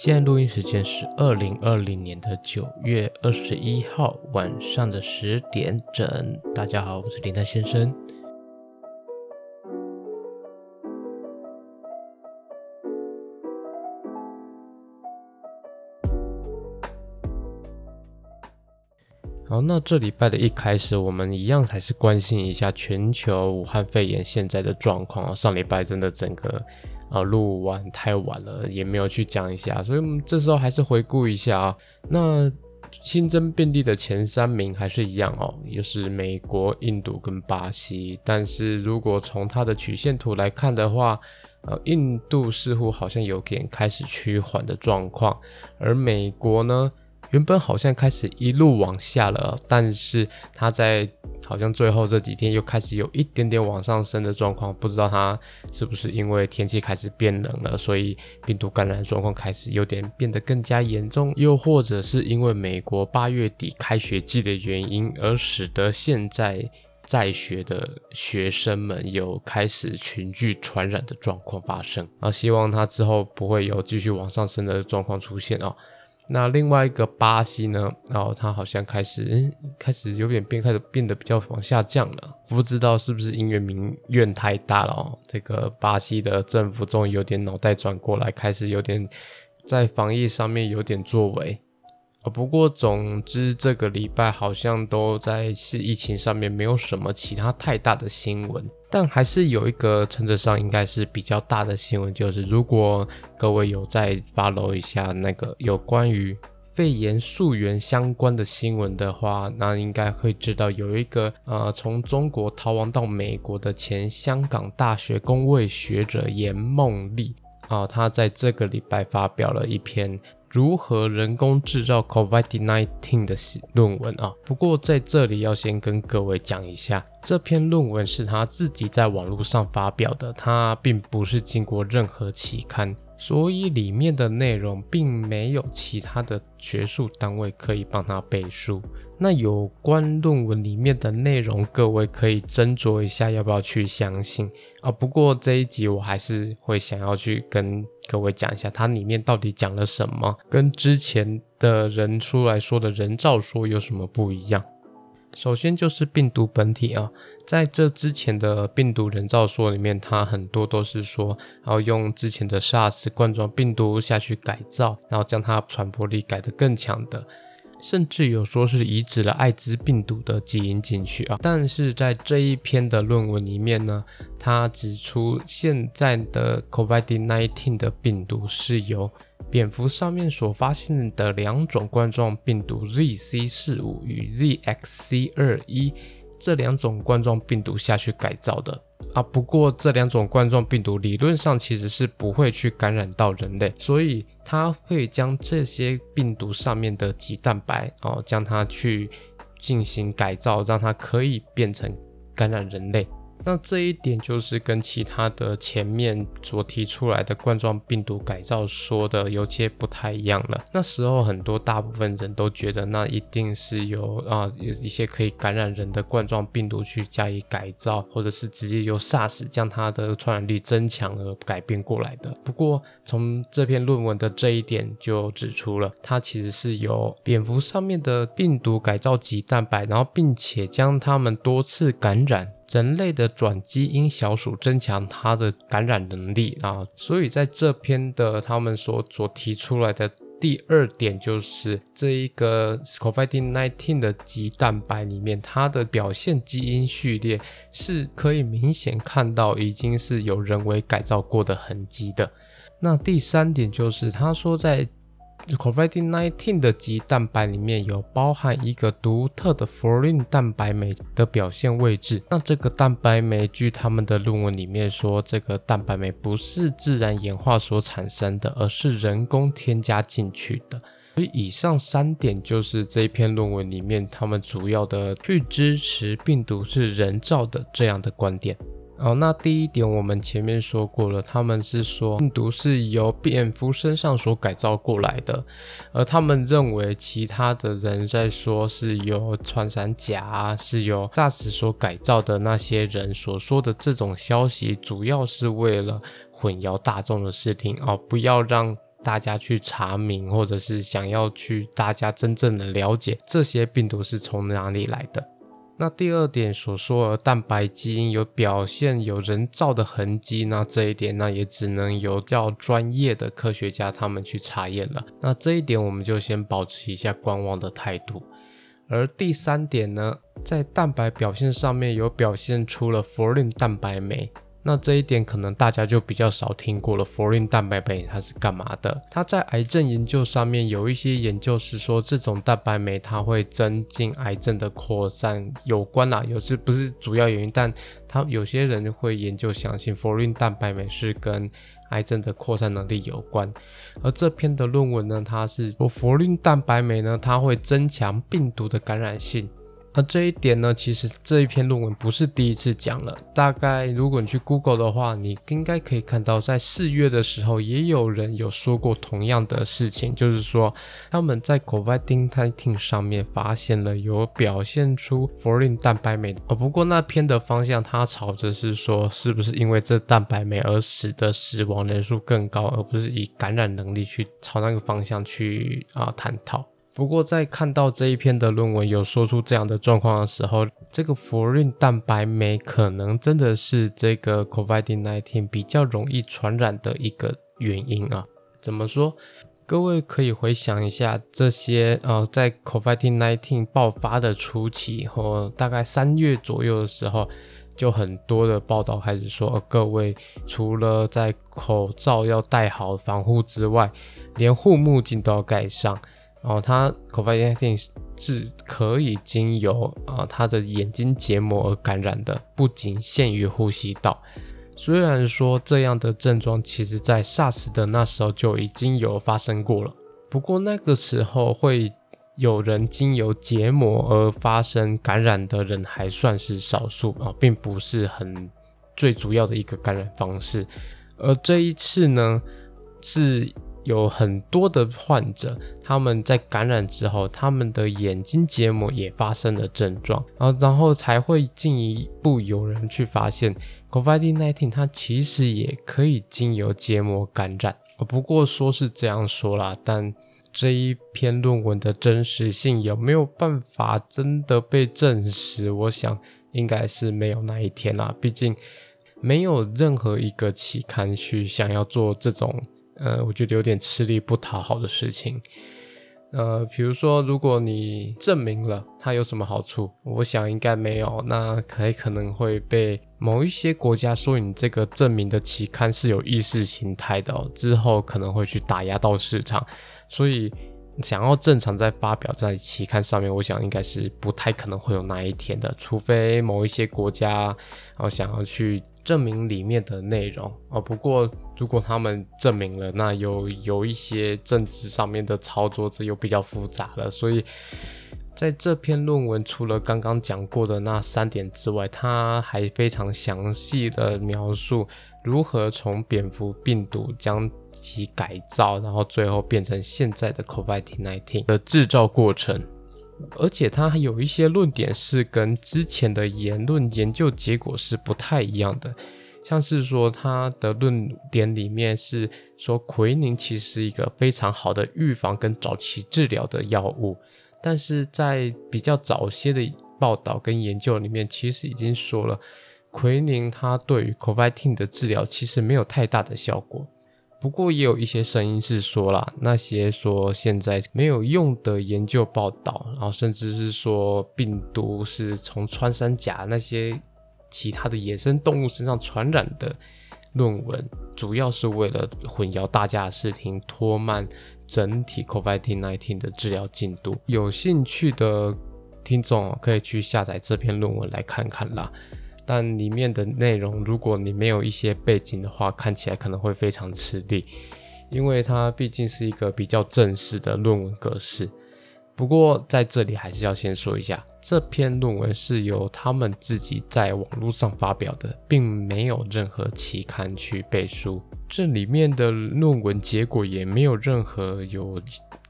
現在錄音時間是二零二零年的九月二十一號晚上的十點整。大家好，我是林丹先生。好，那這禮拜的一開始，我們一樣還是關心一下全球武漢肺炎現在的狀況啊，上禮拜真的整個。啊，錄完太晚了，也沒有去講一下，所以我們這時候還是回顧一下啊。那新增病例的前三名還是一樣哦，也是美國、印度跟巴西。但是如果從它的曲線圖來看的話，呃、啊，印度似乎好像有點開始趨緩的狀況，而美國呢？原本好像開始一路往下了，但是他在好像最後這幾天又開始有一點點往上升的狀況，不知道他是不是因為天氣開始變冷了，所以病毒感染狀況開始有點變得更加嚴重，又或者是因為美國八月底開學季的原因，而使得現在在學的學生們有開始群聚傳染的狀況發生啊，希望他之後不會有繼續往上升的狀況出現啊。那另外一個巴西呢？然後他好像開始，嗯，開始有點變，開始變得比較往下降了。不知道是不是因為民怨太大了哦？這個巴西的政府終於有點腦袋轉過來，開始有點在防疫上面有點作為。不過，總之這個禮拜好像都在是疫情上面，沒有什麼其他太大的新聞。但還是有一個稱得上應該是比較大的新聞，就是如果各位有在 follow 一下那個有關於肺炎溯源相關的新聞的話，那應該會知道有一個呃，從中國逃亡到美國的前香港大學公衛學者閻麗夢啊，他在這個禮拜發表了一篇。如何人工製造 COVID-19 的論文啊。不過在這裡要先跟各位講一下，這篇論文是他自己在網絡上發表的，他並不是經過任何期刊，所以裡面的內容並沒有其他的學術單位可以幫他背書。那有關論文裡面的內容，各位可以斟酌一下要不要去相信啊。不過這一集我還是會想要去跟各位講一下，它裡面到底講了什麼，跟之前的人出來說的人造說有什麼不一樣？首先就是病毒本體啊，在這之前的病毒人造說裡面，它很多都是說，然後用之前的 SARS 冠狀病毒下去改造，然後將它傳播力改得更強的。甚至有說是移植了艾滋病毒的基因進去啊，但是在這一篇的論文裡面呢，他指出現在的 COVID-19 的病毒是由蝙蝠上面所發現的兩種冠狀病毒 ZC45 與 ZXC21 這兩種冠狀病毒下去改造的啊。不過這兩種冠狀病毒理論上其實是不會去感染到人類，所以，他會將這些病毒上面的棘蛋白，哦，將它去進行改造，讓它可以變成感染人類。那這一點就是跟其他的前面所提出來的冠狀病毒改造說的有些不太一樣了。那時候很多大部分人都覺得，那一定是由啊一些可以感染人的冠狀病毒去加以改造，或者是直接由 SARS 將它的傳染力增強而改變過來的。不過從這篇論文的這一點就指出了，它其實是由蝙蝠上面的病毒改造棘蛋白，然後並且將它們多次感染。人類的轉基因小鼠增強它的感染能力啊，所以在這篇的他們所所提出來的第二點就是這一個 COVID-19 的棘蛋白裡面，它的表現基因序列是可以明顯看到已經是有人為改造過的痕迹的。那第三點就是他說在。c o v i d 1 n i n e t e e n 的雞蛋白裡面有包含一個獨特的 f o r i n 蛋白酶的表現位置，那這個蛋白酶，據他們的論文裡面說，這個蛋白酶不是自然演化所產生的，而是人工添加進去的。所以以上三點就是這篇論文裡面他們主要的去支持病毒是人造的這樣的觀點。哦，那第一點我們前面說過了，他們是說病毒是由蝙蝠身上所改造過來的，而他們認為其他的人在說是由穿山甲、啊，是由大使所改造的那些人所說的這種消息，主要是為了混淆大眾的視聽啊、哦，不要讓大家去查明，或者是想要去大家真正的了解這些病毒是從哪裡來的。那第二點所說的蛋白基因有表現有人造的痕跡，那這一點那也只能由較專業的科學家他們去查驗了。那這一點我們就先保持一下觀望的態度。而第三點呢，在蛋白表現上面有表現出了 furin 蛋白酶。那這一點可能大家就比較少聽過了。佛林蛋白酶它是幹嘛的？它在癌症研究上面有一些研究是說，這種蛋白酶它會增進癌症的擴散有關啦。有時不是主要原因，但它有些人會研究相信佛林蛋白酶是跟癌症的擴散能力有關。而這篇的論文呢，它是說佛林蛋白酶呢，它會增強病毒的感染性。那這一點呢，其實這一篇論文不是第一次講了。大概如果你去 Google 的話，你應該可以看到，在四月的時候也有人有說過同樣的事情，就是說他們在 COVID-19 上面發現了有表現出 Furin 蛋白酶。呃，不過那篇的方向它朝着是說，是不是因為這蛋白酶而使得死亡人數更高，而不是以感染能力去朝那個方向去啊探討。不過，在看到這一篇的論文有說出這樣的狀況的時候，這個弗林蛋白酶可能真的是這個 COVID-19 比較容易傳染的一個原因啊。怎麼說？各位可以回想一下，這些呃，在 COVID-19 爆發的初期或、哦、大概三月左右的時候，就很多的報道開始說，呃、各位除了在口罩要戴好防護之外，連護目鏡都要蓋上。哦，它 COVID-19 是可以經由啊他、哦、的眼睛結膜而感染的，不僅限於呼吸道。雖然說這樣的症狀其實在 SARS 的那時候就已經有發生過了，不過那個時候會有人經由結膜而發生感染的人還算是少數啊、哦，並不是很最主要的一個感染方式。而這一次呢，是。有很多的患者，他們在感染之後，他們的眼睛結膜也發生了症狀，然後然後才會進一步有人去發現 COVID-19，它其實也可以經由結膜感染。不過說是這樣說啦，但這一篇論文的真實性有沒有辦法真的被證實？我想應該是沒有那一天啦，畢竟沒有任何一個期刊去想要做這種。呃，我覺得有點吃力不討好的事情。呃，比如說，如果你證明了它有什麼好處，我想應該沒有。那還可能會被某一些國家說你這個證明的期刊是有意識形態的哦，之後可能會去打壓到市場。所以，想要正常再發表在期刊上面，我想應該是不太可能會有那一天的，除非某一些國家然後，呃，想要去。證明裡面的內容啊、哦，不過如果他們證明了，那有有一些政治上面的操作就又比較複雜了。所以在這篇論文除了剛剛講過的那三點之外，他還非常詳細的描述如何從蝙蝠病毒將其改造，然後最後變成現在的 COVID-19 的製造過程。而且他還有一些論點是跟之前的言論研究結果是不太一樣的，像是說他的論點裡面是說奎寧其實是一個非常好的預防跟早期治療的藥物，但是在比較早些的報道跟研究裡面，其實已經說了，奎寧它對於 COVID-19 的治療其實沒有太大的效果。不過也有一些聲音是說啦，那些說現在沒有用的研究報道，然後甚至是說病毒是從穿山甲那些其他的野生動物身上傳染的論文，主要是為了混淆大家視聽，拖慢整體 COVID-19 的治療進度。有興趣的聽眾可以去下載這篇論文來看看啦。但裡面的內容，如果你沒有一些背景的話，看起來可能會非常吃力，因為它畢竟是一個比較正式的論文格式。不過在這裡還是要先說一下，這篇論文是由他們自己在網絡上發表的，並沒有任何期刊去背書。這裡面的論文結果也沒有任何有。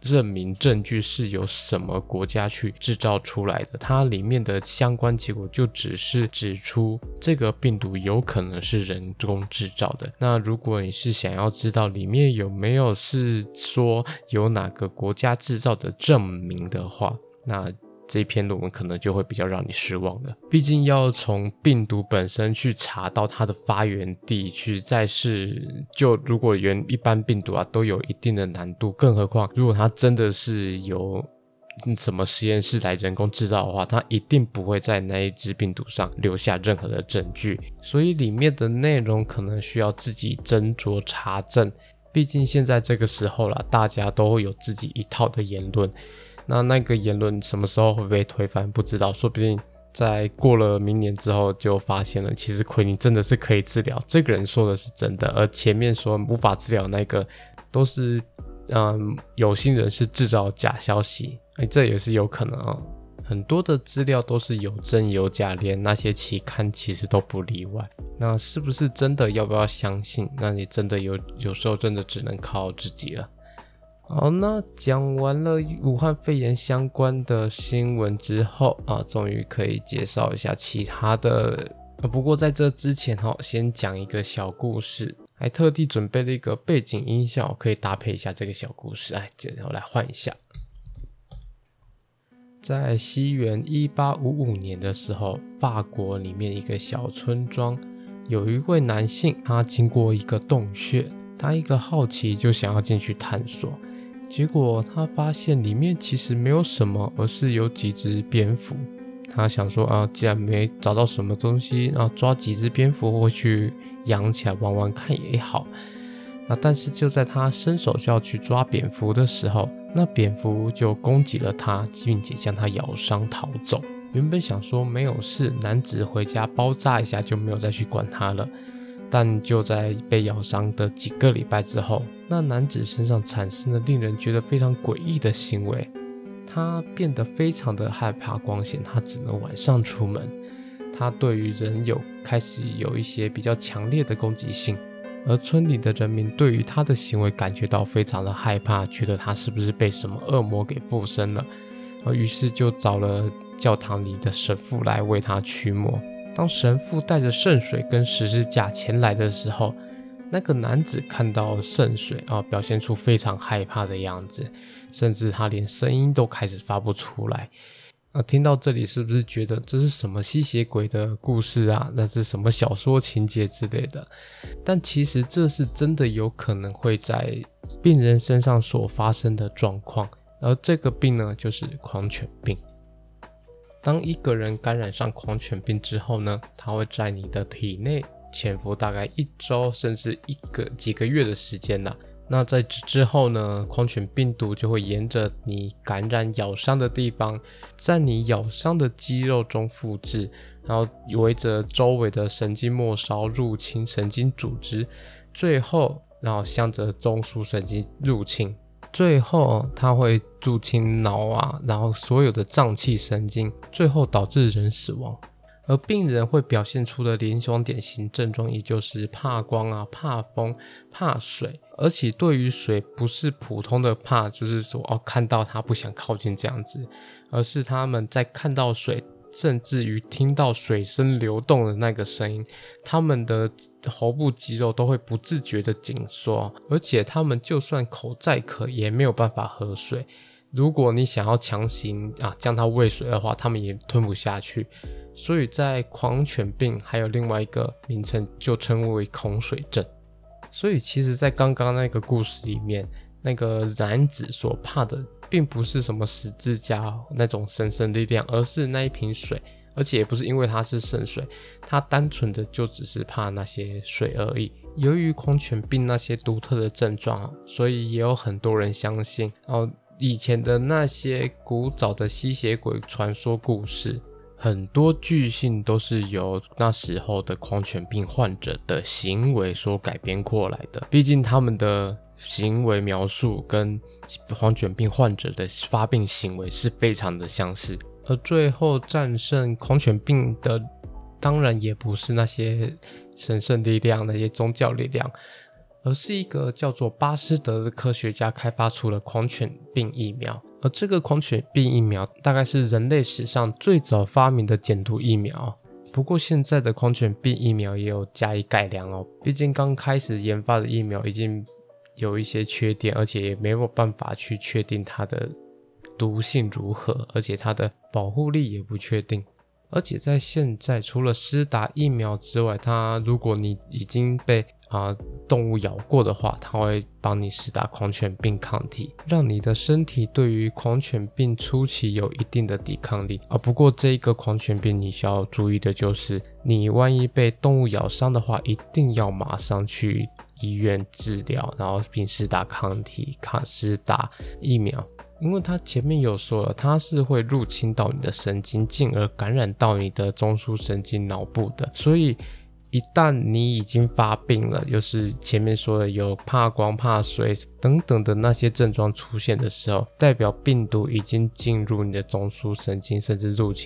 證明證據是由什麼國家去製造出來的？它裡面的相關結果就只是指出這個病毒有可能是人工製造的。那如果你是想要知道裡面有沒有是說有哪個國家製造的證明的話，那。這一篇論文可能就會比較讓你失望了，畢竟要從病毒本身去查到它的發源地去，再是就如果原一般病毒啊都有一定的難度，更何況如果它真的是由什麼實驗室來人工製造的話，它一定不會在那一支病毒上留下任何的證據，所以裡面的內容可能需要自己斟酌查證，畢竟現在這個時候啦，大家都會有自己一套的言論。那那個言論什麼時候會被推翻？不知道，說不定在過了明年之後就發現了，其實奎寧真的是可以治療。這個人說的是真的，而前面說無法治療那個，都是嗯、呃、有心人士制造假消息，哎、欸，這也是有可能啊、哦。很多的資料都是有真有假，連那些期刊其實都不例外。那是不是真的？要不要相信？那你真的有有時候真的只能靠自己了。好，那講完了武漢肺炎相關的新聞之後啊，終於可以介紹一下其他的。不過在這之前哈、哦，先講一個小故事，還特地準備了一個背景音效，可以搭配一下這個小故事。哎，接下來我來換一下。在西元一八五五年的時候，法國裡面一個小村莊，有一位男性，他經過一個洞穴，他一個好奇就想要進去探索。結果他發現裡面其實沒有什麼，而是有幾隻蝙蝠。他想說啊，既然沒找到什麼東西，啊，抓幾隻蝙蝠回去養起來玩玩看也好。那但是就在他伸手就要去抓蝙蝠的時候，那蝙蝠就攻擊了他，並且將他咬傷逃走。原本想說沒有事，男子回家包紮一下就沒有再去管他了。但就在被咬傷的幾個禮拜之後，那男子身上產生了令人覺得非常詭異的行為。他變得非常的害怕光線，他只能晚上出門。他對於人有開始有一些比較強烈的攻擊性，而村裡的人民對於他的行為感覺到非常的害怕，覺得他是不是被什麼惡魔給附身了，於是就找了教堂裡的神父來為他驅魔。當神父帶着聖水跟十字架前來的時候，那個男子看到聖水啊，表現出非常害怕的樣子，甚至他連聲音都開始發不出來。那，啊，聽到這裡是不是覺得這是什麼吸血鬼的故事啊？那是什麼小說情節之類的？但其實這是真的有可能會在病人身上所發生的狀況，而這個病呢，就是狂犬病。當一個人感染上狂犬病之後呢，它會在你的體內潛伏大概一周甚至一個幾個月的時間呢。那在這之後呢，狂犬病毒就會沿着你感染咬傷的地方，在你咬傷的肌肉中複製，然後圍着周圍的神經末梢入侵神經組織，最後然後向着中樞神經入侵，最後它、哦、會。入侵腦啊，然後所有的臟器神經，最後導致人死亡。而病人會表現出的臨床典型症狀，也就是怕光啊、怕風、怕水，而且對於水不是普通的怕，就是說哦，看到它不想靠近這樣子，而是他們在看到水。甚至於聽到水聲流動的那個聲音，他們的喉部肌肉都會不自覺的緊縮，而且他們就算口再渴也沒有辦法喝水。如果你想要強行啊將它餵水的話，他們也吞不下去。所以在狂犬病還有另外一個名稱，就稱為恐水症。所以其實，在剛剛那個故事裡面，那個男子所怕的並不是什麼十字架那種神聖力量，而是那一瓶水，而且也不是因為它是聖水，它單純的就只是怕那些水而已。由於狂犬病那些獨特的症狀，所以也有很多人相信哦，以前的那些古早的吸血鬼傳說故事，很多劇情都是由那時候的狂犬病患者的行為所改編過來的，畢竟他們的。行為描述跟狂犬病患者的發病行為是非常的相似，而最後戰勝狂犬病的當然也不是那些神聖力量，那些宗教力量，而是一個叫做巴斯德的科學家開發出了狂犬病疫苗。而這個狂犬病疫苗大概是人類史上最早發明的減毒疫苗。不過現在的狂犬病疫苗也有加以改良哦，畢竟剛開始研發的疫苗已經。有一些缺點，而且也沒有辦法去確定它的毒性如何，而且它的保護力也不確定。而且在現在，除了施打疫苗之外，它如果你已經被啊、呃、動物咬過的話，它會幫你施打狂犬病抗體，讓你的身體對於狂犬病初期有一定的抵抗力啊。不過這一個狂犬病，你需要注意的就是，你萬一被動物咬傷的話，一定要馬上去。醫院治療，然後並施打抗體，抗、施打疫苗，因為他前面有說了，它是會入侵到你的神經，進而感染到你的中樞神經腦部的。所以，一旦你已經發病了，又、就是前面說的有怕光、怕水等等的那些症狀出現的時候，代表病毒已經進入你的中樞神經，甚至入侵。